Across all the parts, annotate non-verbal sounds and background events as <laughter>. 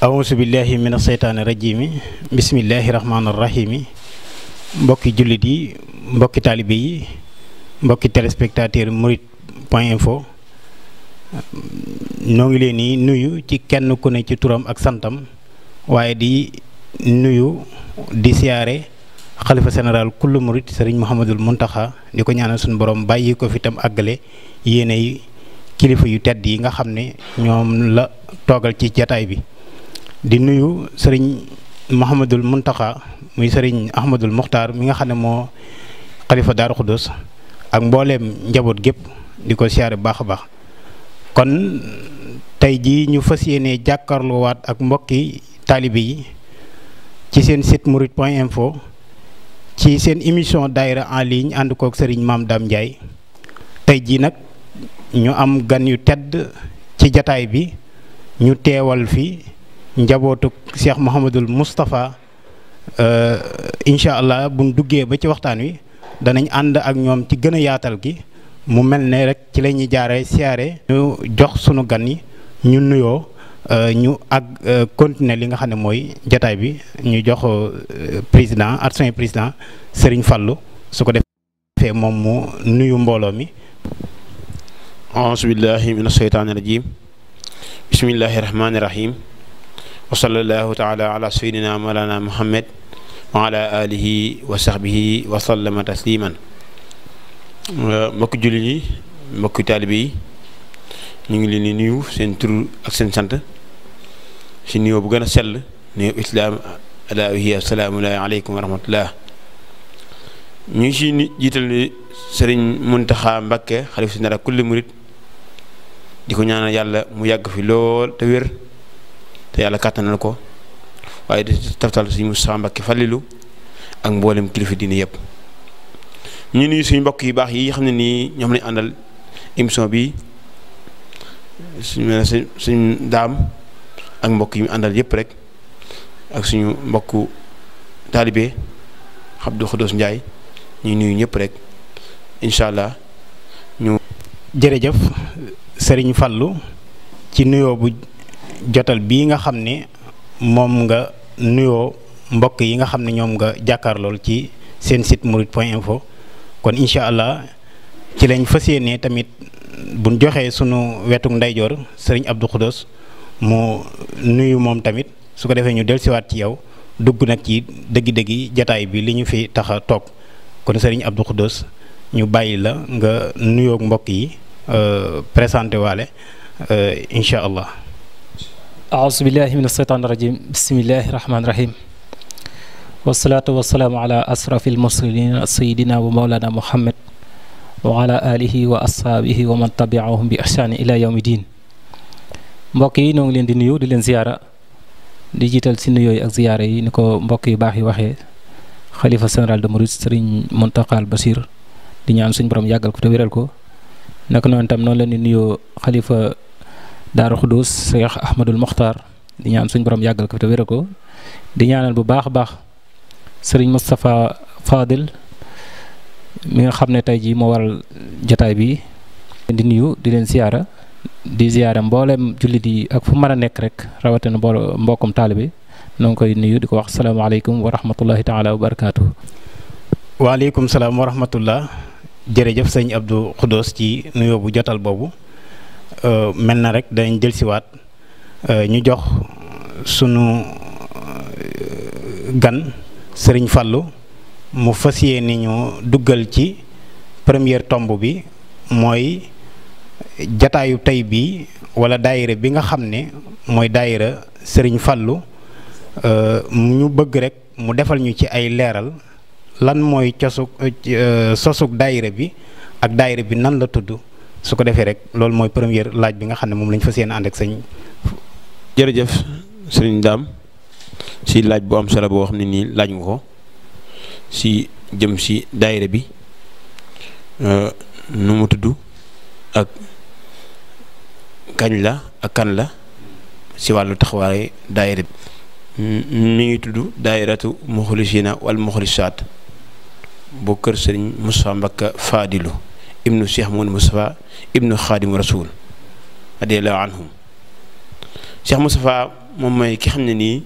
awuusu billaahi min aseytaani rajiimi bismillaahi rahmaani rahiimi mbokki jullit yi mbokki taalibe yi mbokki téléspectateur murit point info ñoo ngi leen di nuyu ci kenn ku ne ci turam ak santam waaye di nuyu di siyaare xalifa général kullu murit sëriñ Mouhamadul Muntaxa di ko ñaanal suñu borom bàyyi ko fi tam àggale yéene kilifa yu tedd yi nga xam ne ñoom la toogal ci jataay bi di nuyu sëriñ Mouhamadul Mountakha muy sëriñ Ahmadul Muxtaar mi nga xam ne moo xalifa Daaru Xudus ak mbooleem njaboot gépp di ko siyaare baax a baax kon tey jii ñu fas yéene jàkkaarloowaat ak mbokki taalibe yi ci seen site murit point info ci seen émission daayira en ligne ànd kook sëriñ Maam Dame Ndiaye tey jii nag ñu am gan yu tedd ci jataay bi ñu teewal fii njabootuk Cheikh Mouhamadul Moustapha euh, incha allah buñ duggee ba ci waxtaan wi danañ ànd ak ñoom ci gën a yaatal gi mu mel ne rek ci la ñuy jaaree siyaare ñu jox sunu gan yi ñu nuyoo euh, ñu ak euh, continuer li nga xam ne mooy jataay bi ñu jox président adjoint président Serigne Fallou su ko defee moom mu nuyu mbooloo mi auzu billahi mina sheytaani rajim bismillahi rahmaani rahim وصلى الله تعالى على سيدنا مولانا محمد وعلى اله وصحبه وسلم تسليما مك جولي ني مك طالبي نيغي لي ني نيو سين تور اك سين سانت سي نيو بو غنا سيل نيو اسلام الا وهي السلام عليكم ورحمه الله ني سي جيتال ني سيرن منتخا مبكه خليفه نرا كل مريد ديكو نانا يالا مو ياغ في لول تا وير te yàlla kàttanal ko waaye di taftal suñu Moussa Mbacké Fallilou ak mboolem kilifa diine yëpp ñu nuyu suñu mbokk yu baax yi xam ne nii ñoom lañu àndal émission bi suñu suñu daam ak mbokk yi àndal yëpp rek ak suñu mbokku taalibe Abdou Khodos Ndiaye ñu nuyu ñëpp rek incha allah ñu. jërëjëf Serigne Fallou ci nuyoo bu. jotal bii nga xam ne moom nga nuyoo mbokk yi nga xam ne ñoom nga jàkkaarlool ci seen site mourides point info kon incha allah ci lañ fas yéenee tamit buñ joxee sunu wetuk ndeyjoor sëriñ Abdou Khoudous mu nuyu moom tamit su ko defee ñu dellusiwaat ci yow dugg nag ci dëggi-dëggi jataay bi li ñu fi tax a toog kon sëriñ Abdou Khoudous ñu bàyyi la nga nuyoog mbokk yi euh, présenté waale euh, incha allah. أعوذ بالله من الشيطان الرجيم بسم الله الرحمن الرحيم والصلاة والسلام على أسرف المرسلين سيدنا ومولانا محمد وعلى آله وأصحابه ومن تبعهم بإحسان إلى يوم الدين مباكي نوغ لين دي نيو زيارة دي جيتال سي نيو اك زيارة يي نكو مباكي باخي واخي خليفة سنرال دموريس سرين منتقى البصير دي نيان سنبرم ياغل كتو ويرالكو نكو نون تام خليفة Daaru Xudus Cheikh Ahmadul Mokhtar di ñaan suñ borom yàggal ko fi te wér ñaanal bu baax a baax sëriñ Moustapha Fadil mi nga xam ne tey jii moo waral jotaay bi di nuyu di leen siyaara di siyaara mboolem jullit yi ak fu mën a nekk rek rawatina mbooloo mbokkum taalibe noo ngi koy nuyu di ko wax salaamaaleykum wa rahmatullahi taala wa barakaatu. waaleykum salaam wa rahmatullah jërëjëf sëñ Abdou Khoudous ci nuyoo bu jotal boobu. Euh, mel na rek dañ jël siwaat euh, ñu jox sunu euh, gan sëriñ Fallou mu fas ni ñu duggal ci première tomb bi mooy jataayu tey bi wala daayira bi nga xam ne mooy daayira sëriñ Fallou ñu bëgg rek mu defal ñu ci ay leeral lan mooy cosug sosug daayira bi ak daayira bi nan la tudd su ko defee rek loolu mooy première laaj bi nga xam ne moom la ñu fas yéene ak sëñ. jërëjëf sëriñ Dame si laaj boo am solo boo xam ne nii laaj nga ko si jëm si daayira bi euh, nu mu tudd ak kañ la ak kan la si wàllu taxawaay daayira bi. mu ngi tudd daayiratu muxlisina wal muxlisaat boo kër sëriñ Moussa Mbacke Fadilou. ابن الشيخ محمد مصطفى ابن خادم رسول رضي الله عنهم Cheikh Moustapha moom mooy ki xam ne nii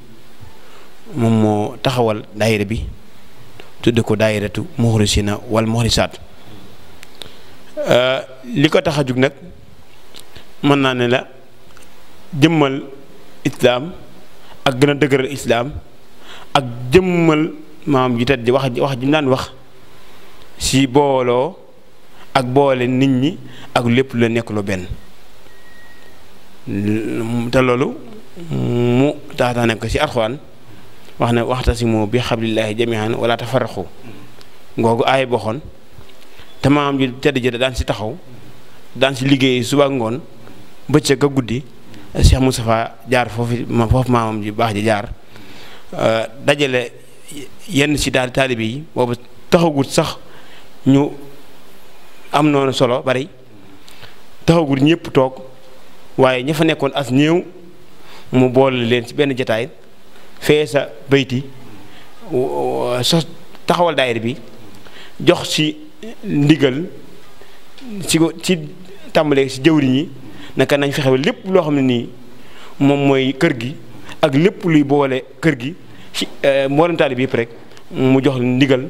moom moo taxawal daayira bi tudd ko daayiratu muxrisina wal muxrisaat li ko tax a jug nag mën naa ne la jëmmal islaam ak gën a dëgëral islaam ak jëmmal maam ji tedd wax wax ji mu daan wax si booloo ak boole nit ñi ak lépp la nekk lu benn te loolu mu taataan nekk ci Alxuraan wax ne waxtasimu bi xablillaahi jamiihan wala tafarraqu ngoogu aay boxoon te maam ji tedd ji daan ci taxaw daan ci liggéey suba ngoon bëccëg a guddi Cheikh Moustapha jaar foofu ma foofu maamam ji baax ji jaar dajale yenn si daal taalibe yi boobu taxagut sax am noonu solo bari taxagul ñëpp toog waaye ña fa nekkoon as néew mu boole leen ci benn jataay fee sa bayti sos taxawal daayir bi jox ci ndigal ci ci tàmbalee ci jëwriñ ñi naka nañ fexe ba lépp loo xam ne nii moom mooy kër gi ak lépp luy boole kër gi ci eh, mboolem taalib yëpp rek mu jox ndigal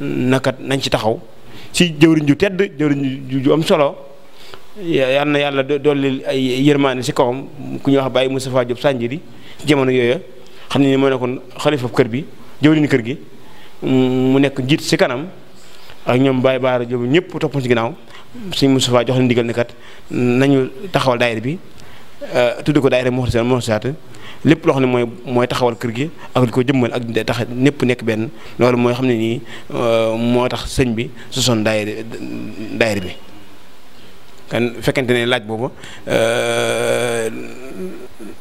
naka nañ ci taxaw ci jëwriñ ju tedd jëwriñ ju am solo yal na yàlla dolli ay yërmaane si kawam ku ñuy wax Baye Moustapha Diop Sanjiri jamono yooya xam ne ni moo nekkoon xalifa kër bi jëwriñ kër gi mm, mu nekk njiit si kanam ak ñoom baay Baara Diop ñëpp topp si ginnaaw si Moustapha jox leen ndigal ne nañu taxawal daayira bi euh, tudd ko daayira Muxaddimatul Xidma lépp loo xam ne mooy mooy taxawal kër gi ak li ko jëmmal ak tax ñëpp nekk benn loolu mooy xam ne nii euh, moo tax sëñ bi su son daayir daayir bi kan fekkente ne laaj boobu euh,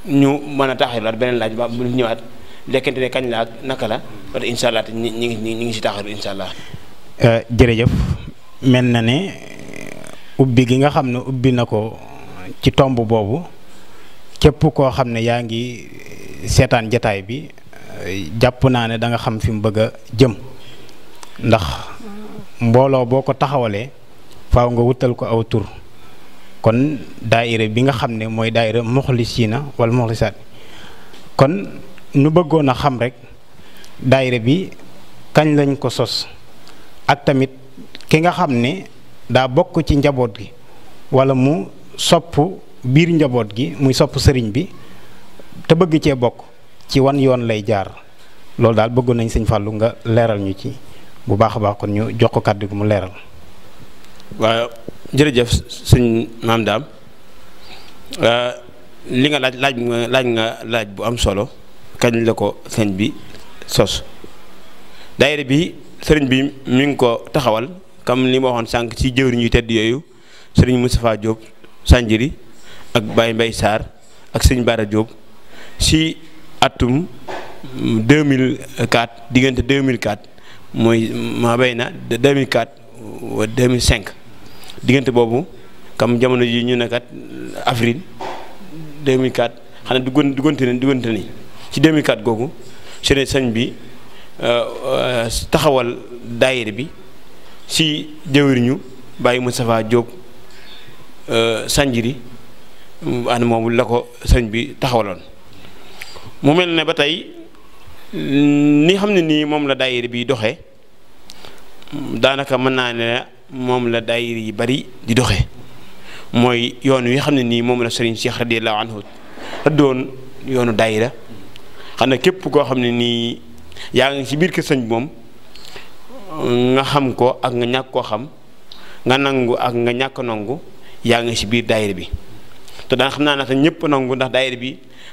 ñu mën a taaxir laat beneen laaj ba bu ñu ñëwaat lekkente ne kañ la ak naka la wala incha allah te ñi ngi ñi ngi si taaxir incha allah. Euh, jërëjëf mel na ne ubbi gi nga xam ne ubbi na ko ci tomb boobu. képp koo xam ne yaa ngi eh, seetaan jataay bi eh, jàpp naa ne danga xam fi mu bëgg jëm ndax mbooloo boo ko taxawalee faaw nga wutal ko aw tur kon daayira bi nga xam ne mooy daayira na wala muxlisaat kon nu bëggoon a xam rek daayira bi kañ lañ ko sos ak tamit ki nga xam ne daa bokk ci njaboot gi wala mu sopp biir njaboot gi muy sopp sëriñ bi te bëgg cee bokk ci wan yoon lay jaar loolu daal bëggoon nañ sëñ Fallou nga leeral ñu ci bu baax a baax kon ñu jox ko kàddu gi mu leeral. waaw jërëjëf sëñ maam daam euh, li nga laaj laaj nga laaj nga laaj bu am solo kañ la ko sëñ bi sos daayira bi sëriñ bi mi ngi ko taxawal comme li ma waxoon sànq ci jëwriñ yu tedd yooyu sëriñ Moustapha Diop Sanjiri ak Baye mbay Sarr ak sëñ Bara Diop ci atum 2004 diggante 2004 mooy ma bay na 2004 wa 2005 diggante boobu kam jamono ji ñu nekkat ne kat avril 2004 xanaa duggoon duggoonte ne duggoonte ni ci 2004 googu sëñ sañ bi euh, euh, taxawal daayira bi si jëwriñu Baye Moustapha Diop euh, Sanjiri an moomu la ko sëñ bi taxawaloon mu mel ne ba tey ni xam ne nii moom la daayir bi doxe daanaka mën naa ne moom la daayir yi bari di doxe mooy yoon wi xam ne nii moom la sëriñ Cheikh radiyallahu anhu doon yoonu daayira xam ne képp koo xam ne nii yaa ngi si biir kër sëñ bi moom nga xam ko ak nga ñàkk koo xam nga nangu ak nga ñàkk nangu yaa ngi ci biir daayira bi te daan xam naa ne sax ñëpp nangu ndax daayira bi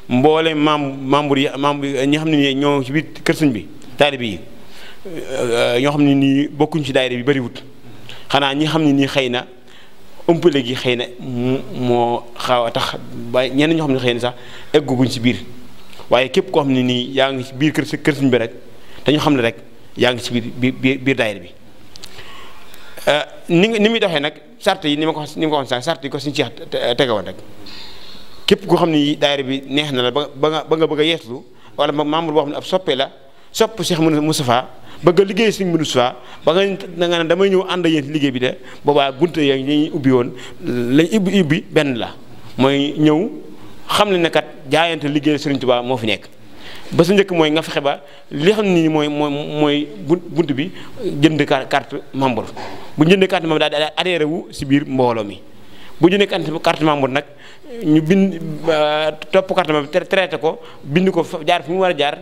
mboole maam membre yi membre ñi xam ne ñoo ci biir kër bi taalibe yi euh, ñoo xam ne nii bokkuñ ci daayira bi bariwut xanaa ñi xam ne nii xëy na ëmpale gi xëy na moo xaw a tax ba ñenn ñoo xam ne xëy sax egguguñ ci biir waaye képp koo xam ne nii yaa ngi ci biir kër kër sëñ bi rek dañu xam ne rek yaa ngi ci biir biir biir daayira bi Euh, ni ni muy doxee nag sart yi ni ma ko ni ma ko waxoon sax sart yi ko suñu ceex tegewoon rek képp koo xam ni daayira bi neex na la ba nga ba nga bëgg a yeeslu wala membre boo xam ne ab soppe la sopp Cheikh Moustapha bëgg a liggéey Serigne Moustapha ba nga da nga ne damay ñëw ànd ak yéen liggéey bi de boobaa gunte ya ñuy ubbi woon lañ ubbi ibbi benn la mooy ñëw xam ne ne kat jaayante liggéey Serigne tubaa moo fi nekk ba su njëkk mooy nga fexe ba li xam ni mooy mooy mooy bunt bi jënd kart membre bu jënd carte membre daal di adhéré wu si biir mbooloo mi bu jëndee carte membre nag ñu bind euh, topp carte te traité ko bind ko jaar fi mu war a jaar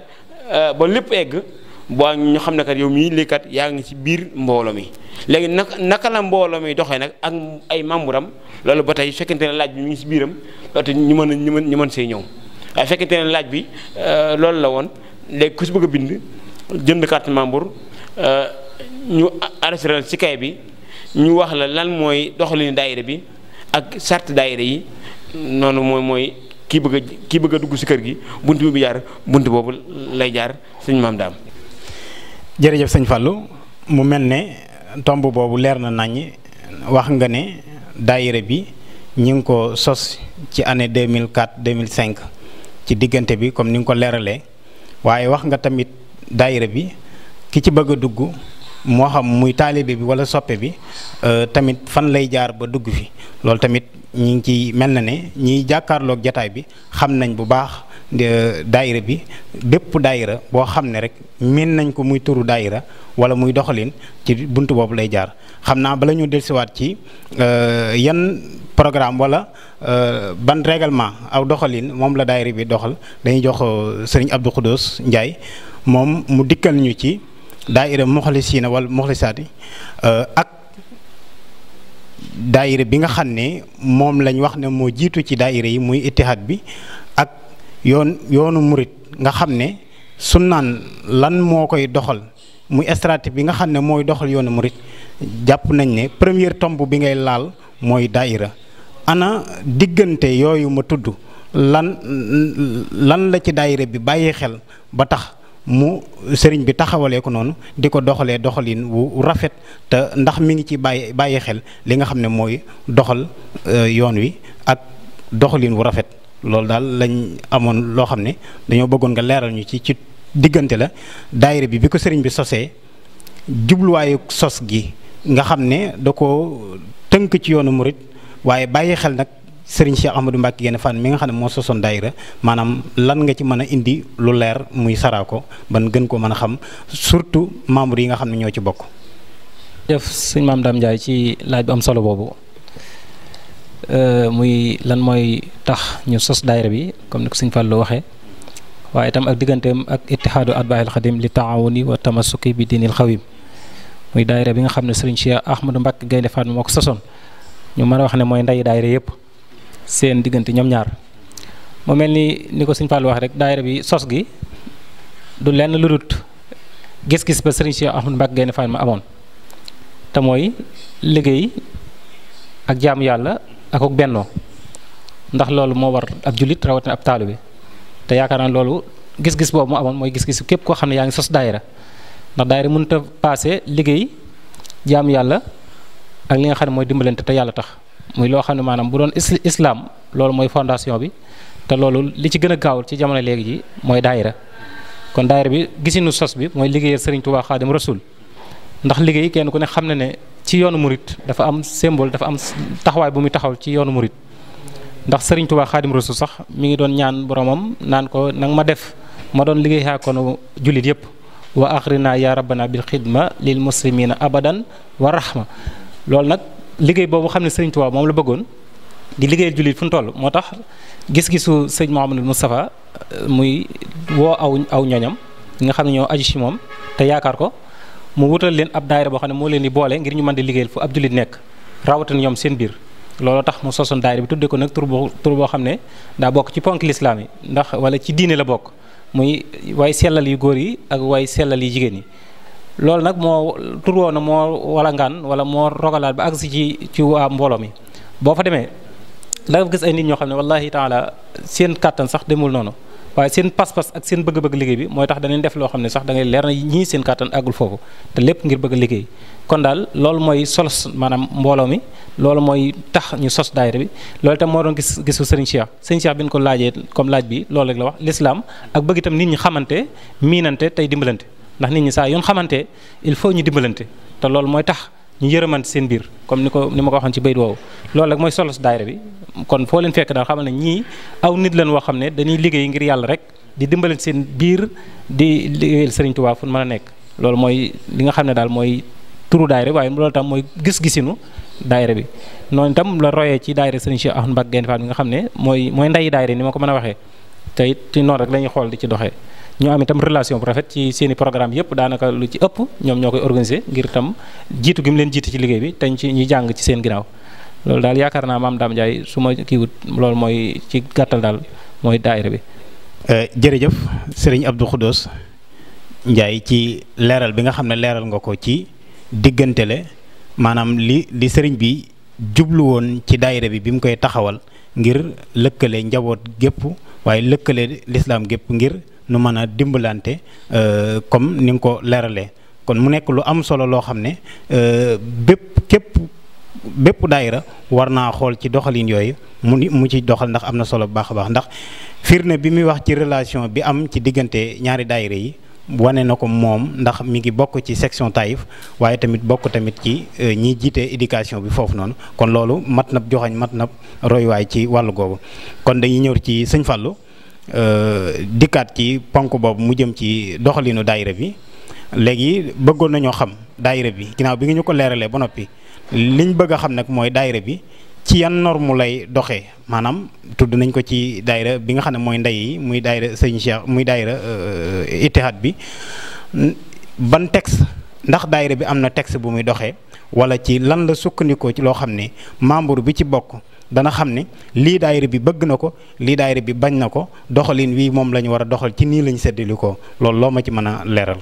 euh, ba lépp egg boo ñu xam ne kat yow mii lii kat yaa ngi ci biir mbooloo mi léegi naka naka la mbooloo mi doxee nag ak ay membre am loolu ba tey fekkente ne laaj bi mu ngi si biiram loolu te ñu mën ñu mën ñu mën see ñëw. waaye fekkente ne laaj bi euh, loolu la woon léegi ku si bëgg bind jënd carte membre euh, ñu arrêté ci kay bi ñu wax la lan mooy doxalinu daayira bi ak charte daayira yi noonu mooy mooy kii bëgg a kii bëgg a dugg si kër gi bunt bi bu jaar bunt boobu lay jaar sëñ maam daam. jërëjëf sëñ Fallou mu mel ne tomb boobu leer na naññ wax nga ne daayira bi ñu ngi ko sos ci deux mille deux mille cinq ci diggante bi comme ni nga ko leeralee waaye wax nga tamit daayira bi ki ci bëgg a dugg moo xam muy taalibe bi wala soppe bi euh, tamit fan lay jaar ba dugg fi loolu tamit ñi ngi ciy mel na ne ñiy jàkkaarloog jataay bi xam nañ bu baax euh, daayira bi dépp daayira boo xam ne rek miin nañ ko muy turu daayira wala muy doxalin ci buntu boobu lay jaar xam naa bala ñu dellusiwaat ci euh, yan programme wala euh, ban règlement aw doxalin moom la daayira bi doxal dañuy jox euh, sëriñ Abdou Khoudous Ndiaye moom mu dikkal ñu ci daayira muxlisiina wala muxlisaati ak daayira bi nga xam ne moom lañ wax ne moo jiitu ci daayira yi muy ittihaad bi ak yoon yoonu murit nga xam ne su naan lan moo koy doxal muy stratégie bi nga xam ne mooy doxal yoonu murit jàpp nañ ne première tomb bi ngay laal mooy daayira ana diggante yooyu ma tudd lan lan la ci daayira bi bàyyi xel ba tax mu sëriñ bi taxawaleeku noonu di ko doxalee doxalin wu rafet te ndax mi ngi ci bàyyi bàyyi xel li nga xam ne mooy doxal euh, yoon wi ak doxalin wu rafet loolu daal lañ amoon loo xam ne dañoo bëggoon nga leeral ñu ci ci diggante la daayira bi bi ko sëriñ bi sosee jubluwaayu sos gi nga xam ne da ko tënk ci yoonu murit waaye bàyyi xel nag sëriñ Cheikh Ahmadou Mbacke Guène Fane mi nga xam ne moo sosoon daayira maanaam lan nga ci mën a indi lu leer muy saraa ban gën ko mën a xam surtout membres yi nga xam ne ñoo ci bokk. jëf sëñ maam Dame Ndiaye ci laaj bu am solo boobu euh, muy lan mooy tax ñu sos daayira bi comme ni ko sëñ Fallou waxee. waaye itam ak digganteem ak ittihaadu atbaa'il xadim li taawuni wa tamasuki bi diinil xawim muy daayira bi nga xam ne sëriñ Cheikh Ahmadou Mbacké Gaynde Fatma moo ko sosoon ñu mën a wax ne mooy ndeyu daayira yëpp seen diggante ñoom ñaar mu mel ni ni ko sëñ Fall wax rek daayira bi sos gi du lenn lu dul gis-gis ba sëriñ Cheikh Ahmadou Mbacké Gaynde Fatma amoon te mooy liggéey ak jaamu yàlla ak ak bennoo ndax loolu moo war ab jullit rawatina ab taalibe te yaakaar naa loolu gis-gis boobu mu amoon mooy gis-gis képp koo xam ne yaa ngi sos daayira ndax daayira mënut a paase liggéey jaamu yàlla ak li nga xam ne mooy dimbalante te yàlla tax muy loo xam ne maanaam bu doon islam loolu mooy fondation bi te loolu li ci gën a gaawul ci jamono léegi ji mooy daayira kon daayira bi gisinu sos bi mooy liggéeyal Serigne Touba Khadim Rasoul ndax liggéey kenn ku ne xam na ne ci yoonu murit dafa am symbole dafa am taxawaay bu muy taxawal ci yoonu murit ndax serigne touba khadim rasoul sax mi ngi don ñaan boromam nan ko nang ma def ma don doon liggéey xaakoonu julit yep wa akhrina ya rabbana bil khidma lil muslimina abadan wa rahma lol nak liggey bobu xamni serigne touba mom la beggon di liggey julit fu toll motax gis-gisu serigne mohammed mustafa muy wo aw aw ñoñam nga xamni ñoo aji ci mom te yaakar ko mu wutal len ab daayira bo xamni mo len di boole ngir ñu mën di liggéeyal fu abdulit nek rawatan ñom seen bir looloo tax mu sosoon daayira bi tuddee ko nag tur boo tur boo xam ne daa bokk ci ponk lislaam yi ndax wala ci diine la bokk muy way sellal yu góor yi ak way sellal yu jigéen yi loolu nag moo tur woo na moo walangaan wala moo rogalaat ba agsi ci ci waa mbooloo mi boo fa demee la nga gis ay nit ñoo xam ne wallahi taala seen kàttan sax demul noonu waaye seen pas-pas ak seen bëgg-bëgg liggéey bi mooy tax danañ def loo xam ne sax da leer na ñii seen kàttan àggul foofu te lépp ngir bëgg liggéey kon daal lool mooy solos maanaam mbooloo mi loolu mooy tax ñu sos daayira bi loolu itam moo doon gis gisu sëriñ Cheikh sëriñ Cheikh bi ñu ko laajee comme laaj bi lool rek la wax l'islam ak bëgg itam nit ñi xamante miinante tey dimbalante ndax nit ñi saa yoon xamante il faut ñu dimbalante te loolu mooy tax ñu yërëmante seen biir comme ni ko ni ma ko waxoon ci bayit woowu loolu rek mooy solo si daayira bi kon foo leen fekk daal xamal ne aw nit lañ woo xam ne dañuy liggéey ngir yàlla rek di dimbale seen biir di liggéeyal Sëriñ Tuubaa fu man a nekk loolu mooy li nga xam ne daal mooy turu daayira bi waaye loolu tam mooy gis-gisinu daayira bi noonu tam la royee ci daayira Sëriñ Cheikh Ahmadou Mbacké Gaïndé Fatma bi nga xam ne mooy mooy ndayi daayira ni ma ko mën a waxee te it noonu rek la xool di ci doxee ñoo am itam relation bu rafet ci seeni i programme yëpp daanaka lu ci ëpp ñoom ñoo koy organiser ngir itam jiitu gi mu leen jiite ci liggéey bi teñ ci ñi jàng ci seen ginnaaw loolu daal yaakaar naa maam Dame Ndiaye su ma kiiwut loolu mooy ci gàttal daal mooy daayira bi. Euh, jërëjëf sëriñ Abdou Khoudous Ndiaye ci leeral bi nga xam ne leeral nga ko ci diggante le maanaam li li sëriñ bi jublu woon ci daayira bi bi mu koy taxawal ngir lëkkale njaboot gépp waaye lëkkale lislaam gépp ngir. nu mën a dimbalante euh, comme ni nga ko leeralee kon mu nekk lu am solo loo xam ne euh, bépp képp bépp daayira war naa xool ci doxalin yooyu mu mu ci doxal ndax am na solo bu baax a baax ndax firne bi muy wax ci relation bi am ci diggante ñaari daayira yi wane na ko moom ndax mi ngi bokk ci section Taïf waaye tamit bokk tamit ci euh, ñi jiite éducation bi foofu noonu kon loolu mat na joxañ mat na royuwaay ci wàll googu kon dañuy ñëw ci sëñ Fallou Euh, dikkaat ci ponk boobu mu jëm ci doxalinu daayira bi léegi bëggoon nañoo xam daayira bi ginnaaw bi nga ñu ko leeralee ba noppi liñ bëgg a xam nag mooy daayira bi ci yan norme lay doxee maanaam tudd nañ ko ci daayira bi nga xam ne mooy ndey yi muy daayira sëñ Cheikh muy daayira euh, ittihaad bi ban texte ndax daayira bi am na texte bu muy doxee wala ci lan la sukkandikoo ci loo xam ne membre bi ci bokk. dana xamni li daayira bi bëgg nako ko daayira bi bañ nako ko doxalin wi mom lañu wara war doxal ci ni lañ séddali ko lool lo ma ci mëna léral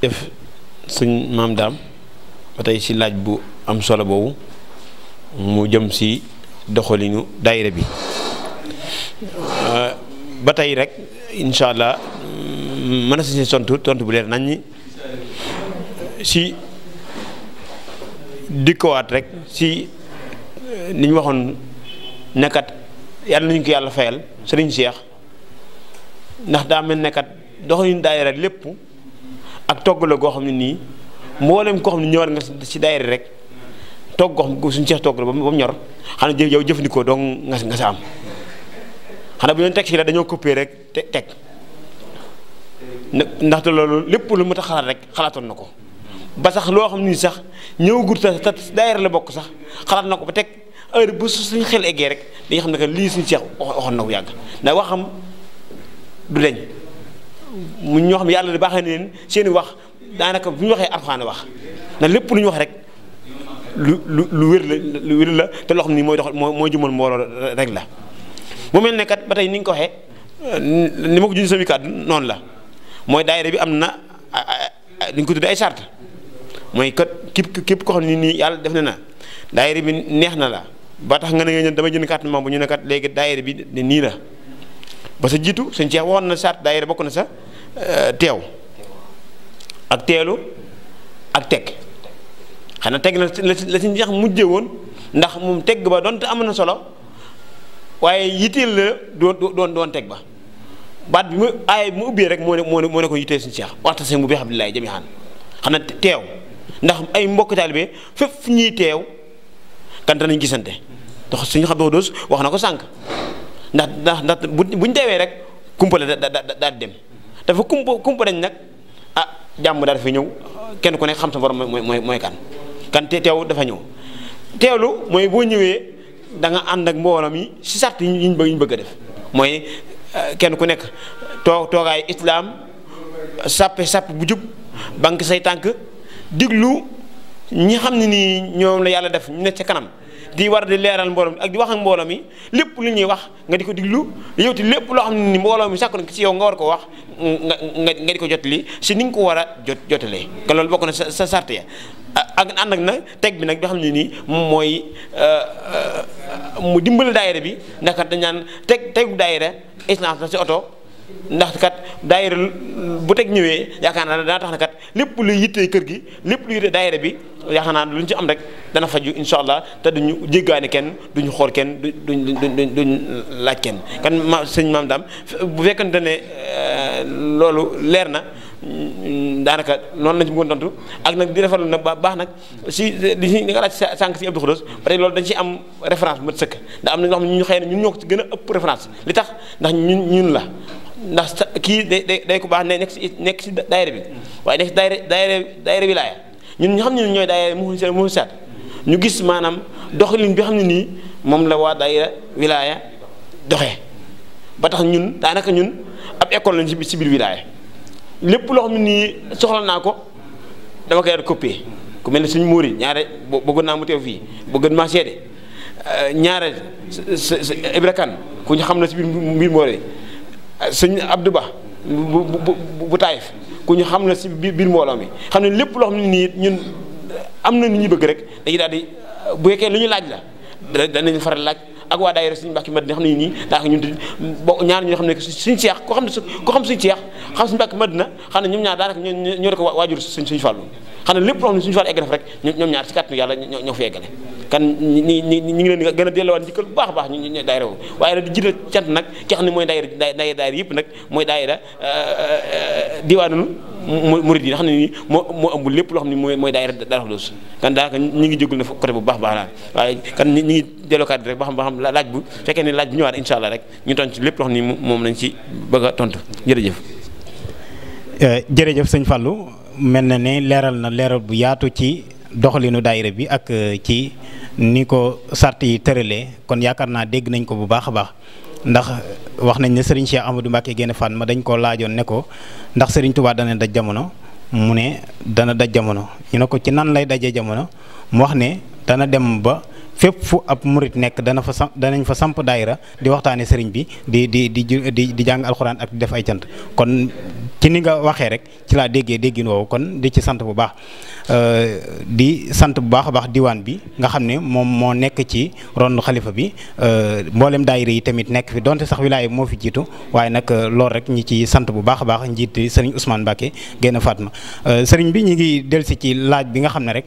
def suñ maam daam ba laaj bu am solo bobu mu jëm si doxalinu daayira bi ba rek inshallah mëna ci sontu tontu bu leer nañ si wat rek si niñ waxoon. nekkat yàlla nañu ko yàlla fayal sëriñ seex ndax daa mel nekkat doxalin daayira lépp ak togg la goo xam ne nii mboolem koo xam ne ñëwaat nga si daayira rek togg goo xam suñ seex Cheikh togg la ba mu ñor xanaa jëf yow jëfandikoo dong nga nga si am ne bu ñu teg si la dañoo copier rek teg teg ndaxte loolu lépp lu mu tax xalaat rek xalaatoon na ko ba sax loo xam ni sax ñëw guddi sax daayira la bokk sax xalaat na ko ba teg. heure bu suñ xel eggee rek dañuy xam ne que lii suñu seex waxoon na bu yàgg ndax waxam du deñ mu ñoo xam yàlla da baax na leen seen i wax daanaka bu ñu waxee Alxuraan wax ndax lépp lu ñu wax rek lu lu lu wér la lu la te loo xam ni mooy dox moo mooy jëmal mbooloo rek la mu mel ne kat ba tey ni ko waxee ni ma ko junj noonu la mooy daayira bi am na dañ ko tudde ay sart mooy kat képp képp koo xam ne nii yàlla def na na daayira bi neex na la ba tax nga ne nga ñun damay jënd carte membre ñu ne kat léegi daayira bi ne nii la ba sa jiitu sëñ Cheikh waxoon na sart daayira bokk na sa euh, teew ak teelu ak teg xanaa teg la la sëñ Cheikh woon ndax moom teg ba donte am na solo waaye yitteel la doon doon doon teg ba baat bi mu aay mu ubbee rek moo ne moo moo ne ko yitteel sëñ Cheikh waxta sëñ bu bi Abdoulaye Jami Xaan xanaa teew ndax ay mbokk taalibe fépp fu ñuy teew. kan danañ gisante ndax suñu xam dox doos wax na ko sànq ndax ndax bu buñ teewee rek kumpale da da daal dem dafa kumpa kumpa dañ nag ah jàmm daal dafa ñëw kenn ku nekk xam sa borom mooy mooy mooy kan kan te teew dafa ñëw teewlu mooy boo ñëwee da nga ànd ak mbooloo mi si sart yi ñu bëgg ñu bëgg a def mooy euh, kenn ku nekk toog toogaay islaam sàppe sàpp bu jub banque say tànk diglu. ñi xam ne nii ñoom la yàlla def ñu ne ca kanam di war di leeral mbooloo mi ak di wax ak mbooloo mi lépp lu ñuy wax nga di ko diglu yow ti lépp loo xam ne ni mbooloo mi sàkku na ci yow nga war ko wax nga nga nga di ko li si ni ko war a jot jotalee kon loolu bokk na sa sa sart ya ak ànd ak na teg bi nag bi xam ne nii mooy euh, euh, mu dimbali daayira bi ndax dañ naan teg tegu daayira essence na si oto. ndax kat daayira bu teg ñëwee yaakaar naa dana tax na kat lépp luy yittee kër gi lépp luy yittee daayira bi yaakaar naa lu ñu ci am rek dana faju incha allah te du ñu jéggaane kenn du ñu xool kenn duñ duñ duñ laaj kenn kan ma sëñ maam daam bu fekkante ne euh, loolu leer na daanaka noonu lañ ci bëggoon tontu ak nag di defarlu nag baax nag si di si nga laaj sànq si Abdou Khoudoss parce que loolu dañ ci am référence bu mat sëkk ndax am na ñu xëy na ñun ñoo ko ci gën a ëpp référence li tax ndax ñu ñun la ndax sa kii day day day ku nekk si nekk si daayira bi waaye nekk si daayira daayira daayira wilaaya ñun ñu xam ne ñooy daayira muxlisaat muxlisaat ñu gis maanaam doxalin bi xam ne nii moom la waa daayira wilaaya doxe ba tax ñun daanaka ñun ab école lañ si biir wilaaya lépp loo xam ne nii soxla naa ko dama koy daal copier ku mel ne suñu muur yi ñaare bëggoon naa mu teew fii bëggoon maa seede euh, ñaare sa sa ku ñu xam na si biir mbir Mbour Ah, sëñ Abdou Ba bu bu bu Taïf ku ñu xam na si biir mbooloo mi xam ne lépp loo xam ne nii ñun eh, am na nu ñu bëgg rek dañuy daal di bu fekkee lu ñu laaj la danañ faral laaj ak waa daayira suñu Mbàkke Madina xam ne nii daanaka ñun bokk ñaar ñoo xam ne suñu seex ko xam ne ko xam suñu seex xam suñu Mbàkke Madina xam ne ñoom ñaar daanaka ñoo ñoo rek waajur suñ suñu fàllu xam ne lépp loo xam ne suñu faal egg na fa rek ñoom ñaar ci di gën a delluwaat njikkal bu a baax ñu daayira woowu waaye nag di jiital cant nag ki xam ne mooy daayira daayira euh, euh, moo moo ëmb lépp loo xam ne mooy mooy daayira dara loos kan daanaka ñu ngi jégul na côté bu baax baax laa waaye kan ñi ngi delloo kàddu rek ba xam ba xam laaj bu fekkee ne laaj bu ñëwaat incha allah rek ñu tontu ci lépp loo xam moom lañ ci bëgg a tontu jërëjëf euh, jërëjëf sëñ Fallou mel na ne leeral na leeral bu yaatu ci doxalinu daayira bi ak euh, ci ni ko sart yi tëralee kon yaakaar naa dégg nañ ko bu baax a baax ndax euh, wax nañ ne Serigne Cheikh Amadou Mbacke génn fan ma dañ koo laajoon ne ko ndax Serigne Touba dana daj jamono mu ne dana daj jamono ñu ne ko ci nan lay dajee jamono mu wax ne dana dem ba fépp fu ab murit nekk dana fa samp danañ fa samp daayira di waxtaane sëriñ bi di di di di jàng alxuraan ak di def ay cant kon ci ni nga waxee rek ci laa déggee déggin woowu kon di ci sant bu baax euh, di sant bu baax a baax diwaan bi nga xam ne moom moo nekk ci ron xalifa bi euh, mboolem daayira yi tamit nekk fi donte sax wilaay moo fi jiitu waaye nag euh, loolu rek ñi ci sant bu baax a baax njiit sëriñ Ousmane Mbacke genn Fatma sëriñ bi ñu ngi delsi ci laaj bi nga xam ne rek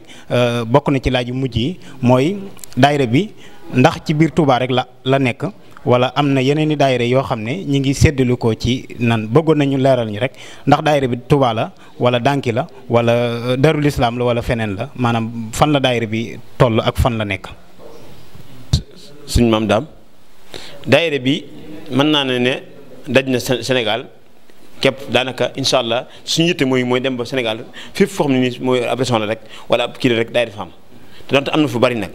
bokk na ci laaj yu mujj yi mooy daayira bi ndax ci biir Touba rek la la nekk. wala am na yeneen i daayira yoo xam ne ñu ngi séddalu ko ci nan bëggoon nañu leeral ñi rek ndax daayira bi tubaala la wala Danki la wala euh, Darul Islam la wala feneen la maanaam fan la daayira bi toll ak fan la nekk. suñ maam daam daayira bi mën naa ne ne daj na Sénégal. képp daanaka incha allah suñu mooy mooy dem ba Sénégal fépp foo xam ne nii rek wala ab kii la rek daay dafa am te donte am na fu bari nag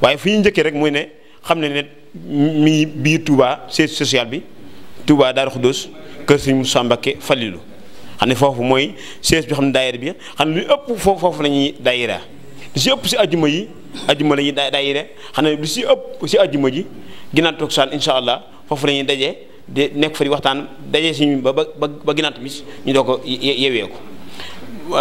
waaye fu ñu njëkkee rek mooy ne. xam ne ne mi biir Touba service social bi Touba Darou Khoudoss kër Serigne Moussa Mbacké Falilou xam ne foofu mooy service bi xam ne daayira bi xam ne lu foofu la ñuy daayira lu si ëpp si ajuma yi ajuma la ñuy daayira xam ne lu si ëpp si ajuma ji ginnaaw toog saan incha allah foofu lañuy ñuy dajee di nekk fa di waxtaan dajee si ba ba ba ginnaaw tamit ñu doo ko yewee ko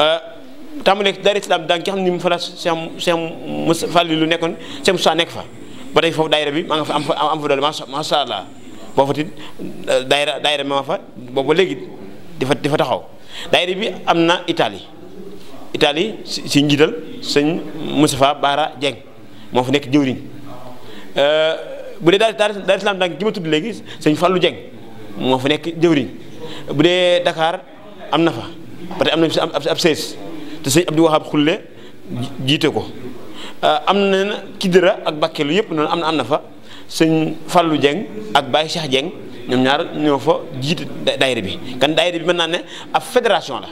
tàmbalee daayira islam daan ki xam ne mu fa la Cheikh Cheikh Moussa Falilou nekkoon Cheikh saa nekk fa ba tey foofu daayira bi maa nga fa am fa am fa doole macha allah boo fa tit euh, daayira ma fa boobu ba léegi di fa di fa taxaw daayira bi am na itali itali si si njiital sëñ Moustapha Baara Dieng moo fa nekk jëwriñ euh, bu dee daal daal islam léegi sëñ Fallou Dieng moo fa nekk jëwriñ bu Dakar am na fa ba tey am na ab ab sees te sëñ Abdou Wahab Xulle jiite ko Euh, am na Kidira ak Bakkelu yëpp noonu am na am na fa sëñ fallu Dieng ak Baye Cheikh Dieng ñoom ñaar ñoo fa jiite daayira bi kan daayira bi mën naa ne ab fédération la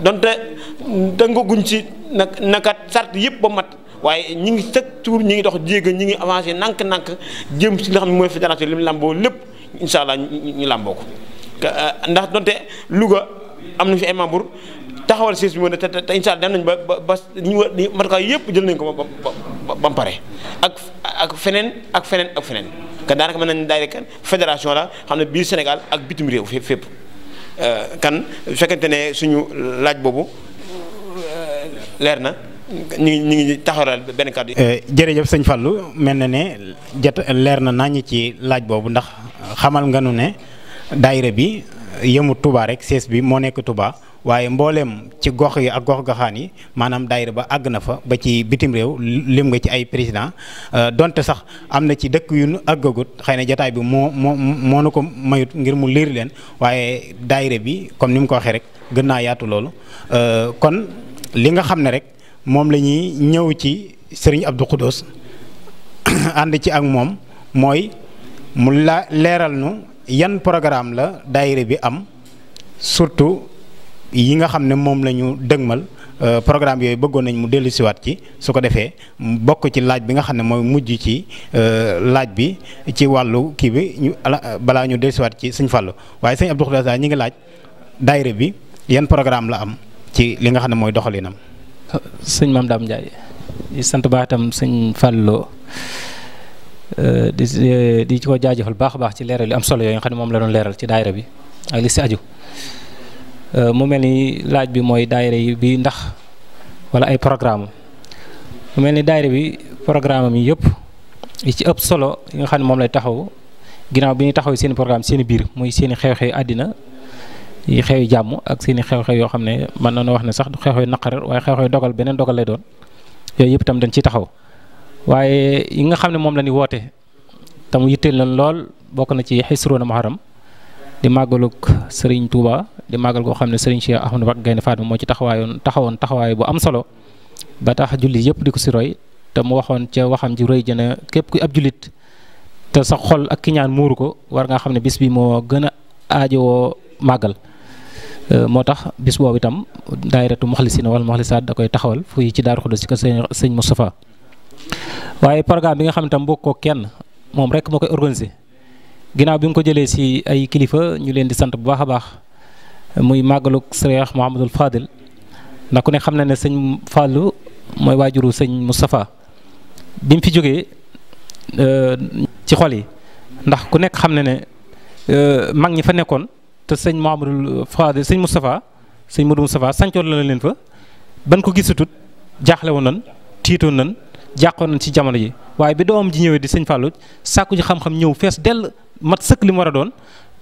donte dëngaguñ ci nag nakat sart yëpp ba mat waaye ñi ngi chaque tour ñi ngi dox jéega ñi ngi avancé nànk-nànk jëm si li nga xam ne mooy fédération li mu làmboo lépp incha allah ñu làmboo ko euh, ndax donte Louga am na fi ay membre taxawal siis bi mu ne te te incha dem nañ ba ba ba ñu matukaay yëpp jël nañ ko ba ba ba pare ak ak feneen ak feneen ak feneen kan daanaka mën nañ daay kan fédération la xam ne biir Sénégal ak bitim réew fépp euh, kan fekkente ne suñu laaj boobu euh, leer na ñu ngi ñu ngi taxawal benn kàddu euh, jërëjëf sëñ Fallou mel na ne jot leer na nañu ci laaj boobu ndax xamal nga nu ne daayira bi yëmu tubaa rek sees bi moo nekk Touba. waaye mbooleem ci gox yi ak gox goxaan yi maanaam daayira ba àgg na fa ba ci bitim réew lim nga ci ay président euh, donte sax am na ci dëkk yu nu àggagut xëy na jataay bi moo moo moo nu ko mayut ngir mu liir leen waaye daayira bi comme ni mu ko waxee rek gën naa yaatu loolu euh, kon li nga xam ne rek moom la ñuy ñëw ci sëriñ Abdou Khoudous <coughs> ànd ci ak moom mooy mu la leeral nu yan programme la daayira bi am surtout yi nga xam ne moom la ñu dëgmal euh, programme yooyu bëggoon nañ mu dellu siwaat ci su ko defee bokk ci laaj bi nga xam ne mooy mujj ci euh, laaj bi ci wàllu kii bi ñu balaa ñu dellu ci suñ Fallou waaye sëñ Abdou Khoudoss ñi ngi laaj daayira bi yan programme la am ci li nga xam ne mooy doxalinam. sëñ Mame Dame Ndiaye di sant baatam sëñ Fallou euh, di di ko jaajëfal baax a baax ci leeral yu am solo yooyu nga xam ne moom la doon leeral ci daayira bi ak li si aju. Euh, mu mel ni laaj bi mooy daayira yi bi ndax wala ay programme mu mel ni daayira bi programme am yi yëpp yi ci ëpp solo yi nga xam ne moom lay taxaw ginnaaw bi ñuy taxaw seen programme seen biir muy seen i àddina yi xew jàmm ak seen i yoo xam ne mën nañu wax ne sax du xew-xew naqar waaye xew-xew dogal beneen dogal lay doon yooyu yëpp tam dañ ciy taxaw waaye yi nga xam ne moom la ñu woote te yitteel lool bokk na ci xisroona muharram di màggaluk Serigne Touba di magal goo xamne Serigne Cheikh ahmed Mbacké gayne fatima mo ci taxawayon taxawon taxaway bu am solo ba tax julli yep di ko si roy te mu waxon ci waxam ji roy jëne kep ku ab julit te sa xol ak kiñaan muuru ko war nga xamne bis bi mo gëna a aajowoo màggal euh, bis bobu tam dairatu mukhlisin wal mukhlisat da koy taxawal fu ci Daaru Xudoos ci serigne sëñ Moustapha waaye programme bi nga xamne tam bokko kenn mom rek organiser ginaaw bi nga ko jëlee si ay kilifa ñu leen di sant bu baax a baax muy màggalug Serigne Mouhamadul Fadil na ku ne xam na ne sëñ fàllu mooy waajuru sëñ Moustapha bi mu fi jógee ci xol yi ndax ku nekk xam na ne mag ñi fa nekkoon te sëñ Mouhamadul Fadil sëñ Moustapha sëñ Modou Moustapha sancoon la leen fa ban ko gisatut jaaxle woon nan tiitoon nan jàqoon nan ci jamono ji waaye bi doom ji ñëwee di sëñ fàllu sàkku ji xam-xam ñëw fees dell. mat sëkk li mu war a doon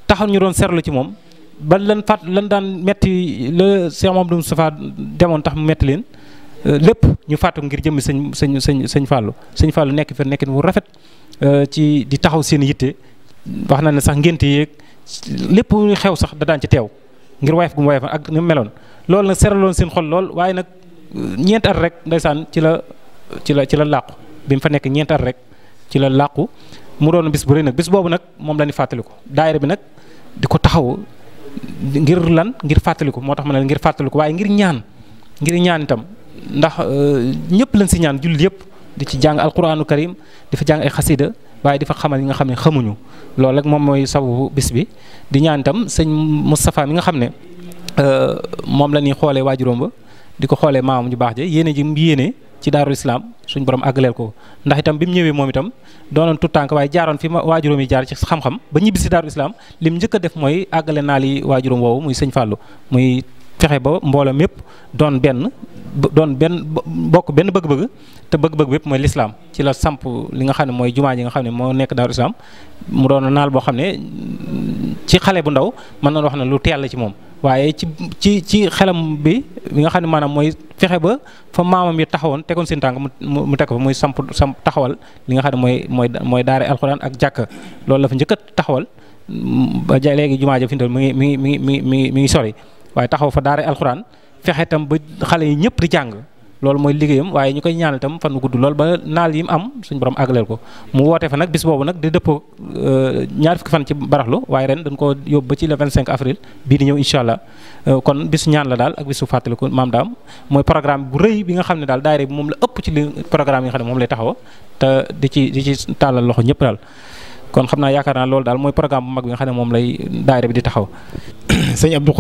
taxaw ñu doon seetlu ci moom ba lan fat lan daan metti la moom Mamadou Moustapha demoon tax mu metti leen euh, lépp ñu fàttu ngir jëmmi sëñ sëñ sëñ sëñ Fallou sëñ Fallou nekk fi nekkin wu rafet euh, ci di taxaw seen yitte wax na ne sax ngénte yeeg lépp ñu xew sax da daan ci teew ngir wayef gu mu wayef ak ni meloon loolu nag seraloon seen xol lool waaye nag euh, ñeent at rek ndeysaan ci la ci la ci la làqu bi mu fa nekk ñeent at rek ci la làqu mu doon bis bu rëy nak bis bobu nak mom lañu ñu fàttaliku daayira bi nak gir taxaw ngir lan ngir fàttaliku moo tax ma ne ngir fàttaliku waye ngir ñaan ngir ñaan tam ndax euh, ñepp lañ ci ñaan di ci jang karim di fa jang ay khasida waye di fa xamal yi nga xam xamuñu lool rek mom moy sabu bis bi di ñaan tam, señ mustafa mi nga xamne euh mom la xolé xoolee ba di ko maam ju bax je yene ji ci daarul islam suñ borom àggaleel ko ndax itam bi mu ñëwee moom itam doonoon tout tànk waaye jaaroon fi ma waajuróom yi jaar ci xam-xam ba ñibbi si daarul islam lim njëkk a def mooy àggale naa li waajuróom woowu muy sëñ Fallou muy fexe ba mbooloo mépp doon benn doon benn bokk benn bëgg-bëgg te bëgg-bëgg bépp mooy lislaam ci la samp li nga xam ne mooy jumaa ji nga xam ne moo nekk daarul islam mu doon naal boo xam ne ci xale bu ndaw mën na wax ne lu teel la ci moom waaye ci ci ci xelam bi bi nga xam ne maanaam mooy fexe ba fa maamam yi taxawoon tegoon seen tànk mu mu teg fa muy samp samp taxawal li nga xam ne mooy mooy mooy daare alxuraan ak jàkka loolu la fa njëkk taxawal ba ja léegi jumaa ja fi mu ngi mi ngi mi ngi mi ngi mi ngi sori waaye taxaw fa daare alxuraan fexe tam ba xale yi ñëpp di jàng. loolu mooy liggéeyam waaye ñu koy ñaanal itam fan wu gudd loolu ba naal yi mu am suñu borom àggaleel ko mu woote fa nag bis boobu nag di dëppoo euh, ñaar fukki fan ci baraxlu waaye ren dañ ko yóbbu ba ci le 25 avril bii di ñëw incha allah euh, kon bis ñaan la daal ak bisu fàttaliku maam daam mooy programme bu rëy bi nga xam ne daal daayira bi moom la ëpp ci li programme yi nga xam ne moom lay taxaw te di ci di ci tàllal loxo ñëpp daal kon xam naa yaakaar naa loolu daal mooy programme bu mag bi nga xam ne moom lay daayira bi di taxaw <coughs> sëñ Abdou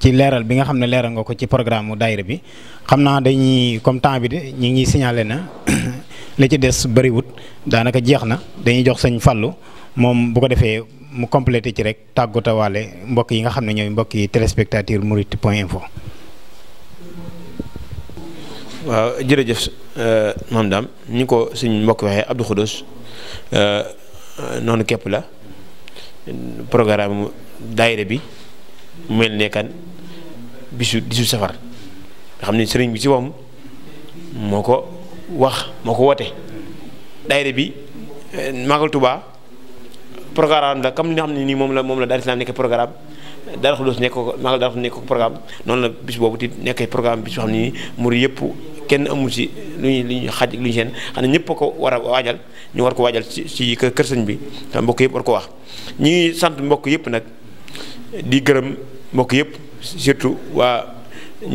ci leeral bi nga xam ne leeral nga ko ci programme mu daayira bi xam naa dañuy comme temps bi de ñu ngi siñaale na <coughs> la ci des bëriwut daanaka jeex na dañuy jox sëñ Fallu moom bu ko defee mu complété ci rek tàggatawaale mbokk yi nga xam ne ñooy mbokk yi téléspectateur murit point info. waaw jërëjëf euh, maam daam ni ko suñ mbokk waxee Abdou Khoudous euh, noonu képp la programme daayira bi mel ne bisu bisu safar nga xam ne sëriñ bi ci moom moo ko wax moo ko woote daayira bi eh, Magal Touba programme la comme li nga xam ne nii moom la moom la Darou Salam nekk programme Darou Khoudoss nekk ko Magal Darou Khoudoss nekk ko programme noonu la bis boobu di nekkee programme bi soo xam ne nii mur yëpp kenn amul si lu ñuy lu ñuy xaj lu ñu seen xam ne ñëpp a ko war a waajal ñu war ko waajal ci ci kër sëñ bi mbokk yëpp war ko wax ñu sant mbokk yëpp nag di gërëm mbokk yëpp. surtout waa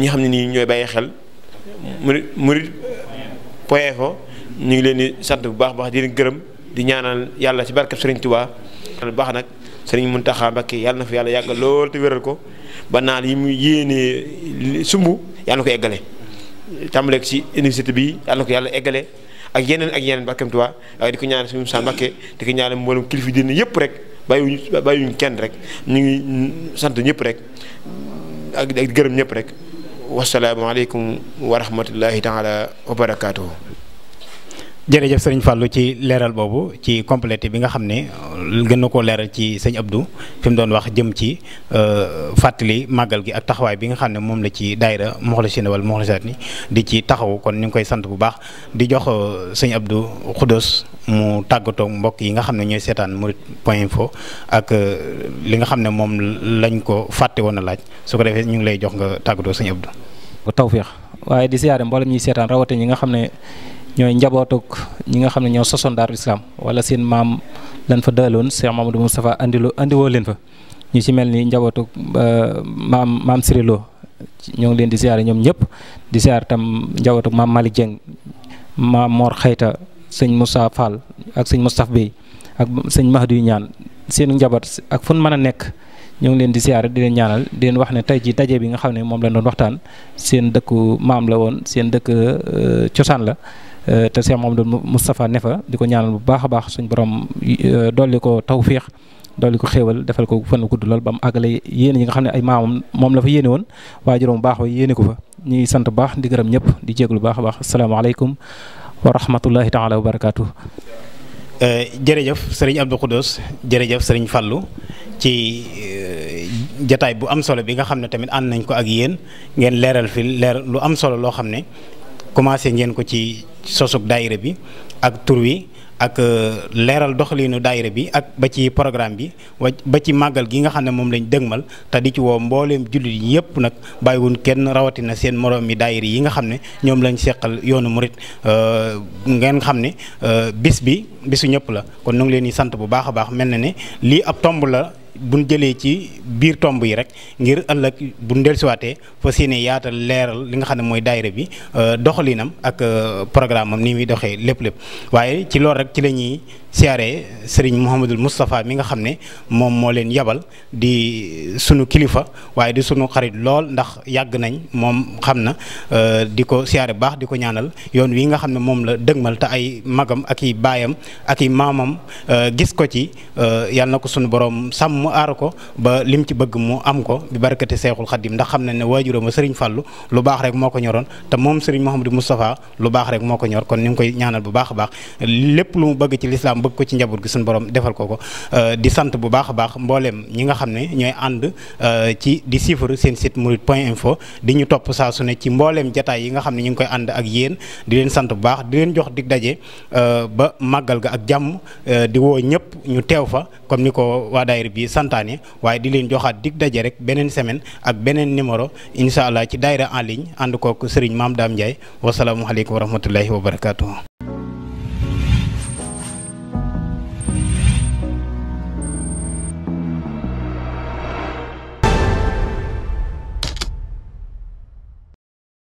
ñi xam ne nii ñooy bàyyi xel mu murid point info ñu ngi leen di sant bu baax baax di leen gërëm di ñaanal yàlla ci barkeb Serigne Touba. bu baax nag mun Mountakha Mbacké yàlla na fa yàlla yàggal lool te wéral ko ba naal yi mu yéenee sumb yàlla na ko eggale. tàmbaleeg ci université bi yàlla na ko yàlla eggale ak yeneen ak yeneen barkeb Touba waaye di ko ñaanal suñu Moussa Mbacké di ko ñaanal mboolem kilifa diine yëpp rek. bàyyiwuñ bàyyiwuñ kenn rek ñu sant ñëpp rek ak ak gërëm ñëpp rek wasalaamaaleykum wa rahmatullahi taala wa jërëjëf sëriñ Fallou ci leeral boobu ci complété bi nga xam ne gën na koo leeral ci sëñ abdu fi mu doon wax jëm ci euh, fàttali màggal gi ak taxawaay bi nga xam ne moom la ci daayira Muxlisina wal Muxlisaat ni di ci taxaw kon ñu ngi koy sant bu baax di jox euh, sëñ Abdou Khoudous. mu tàggatoo mbokk yi nga xam ne ñooy seetaan murit point info ak euh, li nga xam ne moom lañ ko fàtte woon a laaj soo ko defee ñu ngi lay jox nga tàggatoo sëñ Abdou. tawféex waaye di siyaare mboolem ñuy seetaan rawatina ñi nga xam ne ñooy njabootuk ñi nga xam ne ñoo sosoon daaru islam wala seen maam lan fa daloon Cheikh Mamadou Moustapha andiloo andiwoo leen fa ñu ci mel ni njabootuk maam maam Sirilo ñoo ngi leen di siyaare ñoom ñëpp di siyaare tam njabootuk maam Malick Dieng maam Mor Xayta sëñ Moussa Fall ak sëñ Moustapha Bey ak sëñ yu ñaan seen njaboot ak fu mën a nekk ñoo ngi leen di siyaare di leen ñaanal di leen wax ne tey jii daje bi nga xam ne moom lañ doon waxtaan seen dëkku maam la woon seen dëkk euh, cosaan la. Euh, te Cheikh Mamadou Moustapha ne fa di ko ñaanal bu baax a baax suñ borom euh, dolli ko tawféex dolli ko xéewal defal ko fan gudd lool ba mu àggale yéen yi nga xam ne ay maamam moom la fa yéene woon waajuram bu baax wa yéene ko fa ñuy sant baax di gërëm ñëpp di jégalu baax a baax asalaamaaleykum. wa rahmatullahi taala wa barakaatu. Eh, jërëjëf sëriñ Abdou Khoudous jërëjëf sëriñ Fallou ci eh, jataay bu am solo bi nga xam ne tamit ànd nañ ko ak yéen ngeen leeral fi leer lu am solo loo xam ne commencé ngeen ko ci sosug daayira bi ak turwi ak euh, leeral doxaliinu daayira bi ak ba ci programme bi wa ba ci màggal gi nga xam ne moom lañ dëgmal te di ci woo mbooleem jullit yi yëpp nag bàyyiwun kenn rawatina seen moroom mi daayira yi nga xam ne ñoom lañ seqal yoonu murit euh, ngeen xam ne euh, bis bi bisu ñëpp la kon nu leen di sant bu baax a baax mel na ne lii ab tomb la bu buñ jëlee ci biir tomb yi rek ngir ëllëg buñ dellusiwaatee fas yéene yaatal leeral li nga xam ne mooy daayira bi euh, doxalinam ak euh, programme am ni muy doxee lépp lépp waaye ci loolu rek ci la siyaare sëriñ Mouhamadul Moustapha mi nga xam ne moom moo leen yabal di sunu kilifa waaye di sunu xarit lool ndax yàgg nañ moom xam na euh, di ko siyaare baax di ko ñaanal yoon wi nga xam ne moom la dëgmal te ay magam ak i baayam ak i maamam euh, gis ko ci euh, yàlla na ko sunu borom sàmm aar ko ba lim ci bëgg mu am ko bi barkate Seexul Xadim ndax xam na ne ma sëriñ Fallu lu baax rek moo ko ñoroon te moom sëriñ Mouhamadul Moustapha lu baax rek moo ko ñor kon koy ñaanal bu baax a baax bëgg ko ci njaboot gi suñu borom defal ko ko euh, di sant bu baax a baax mbooleem ñi nga xam ne ñooy ànd euh, ci di siifar seen site murid point info di ñu topp saa su ne ci mbooleem jataay yi nga xam ne ñu ngi koy ànd ak yéen di leen sant bu baax di leen jox dig daje euh, ba màggal ga ak jàmm di woo ñëpp ñu teew fa comme ni ko waa daayira bi santaane waaye di leen joxaat digg daje rek beneen semaine ak beneen numéro incha allah ci daayira en ligne ànd kook Serigne maam Dame Ndiaye wa rahmatullahi wa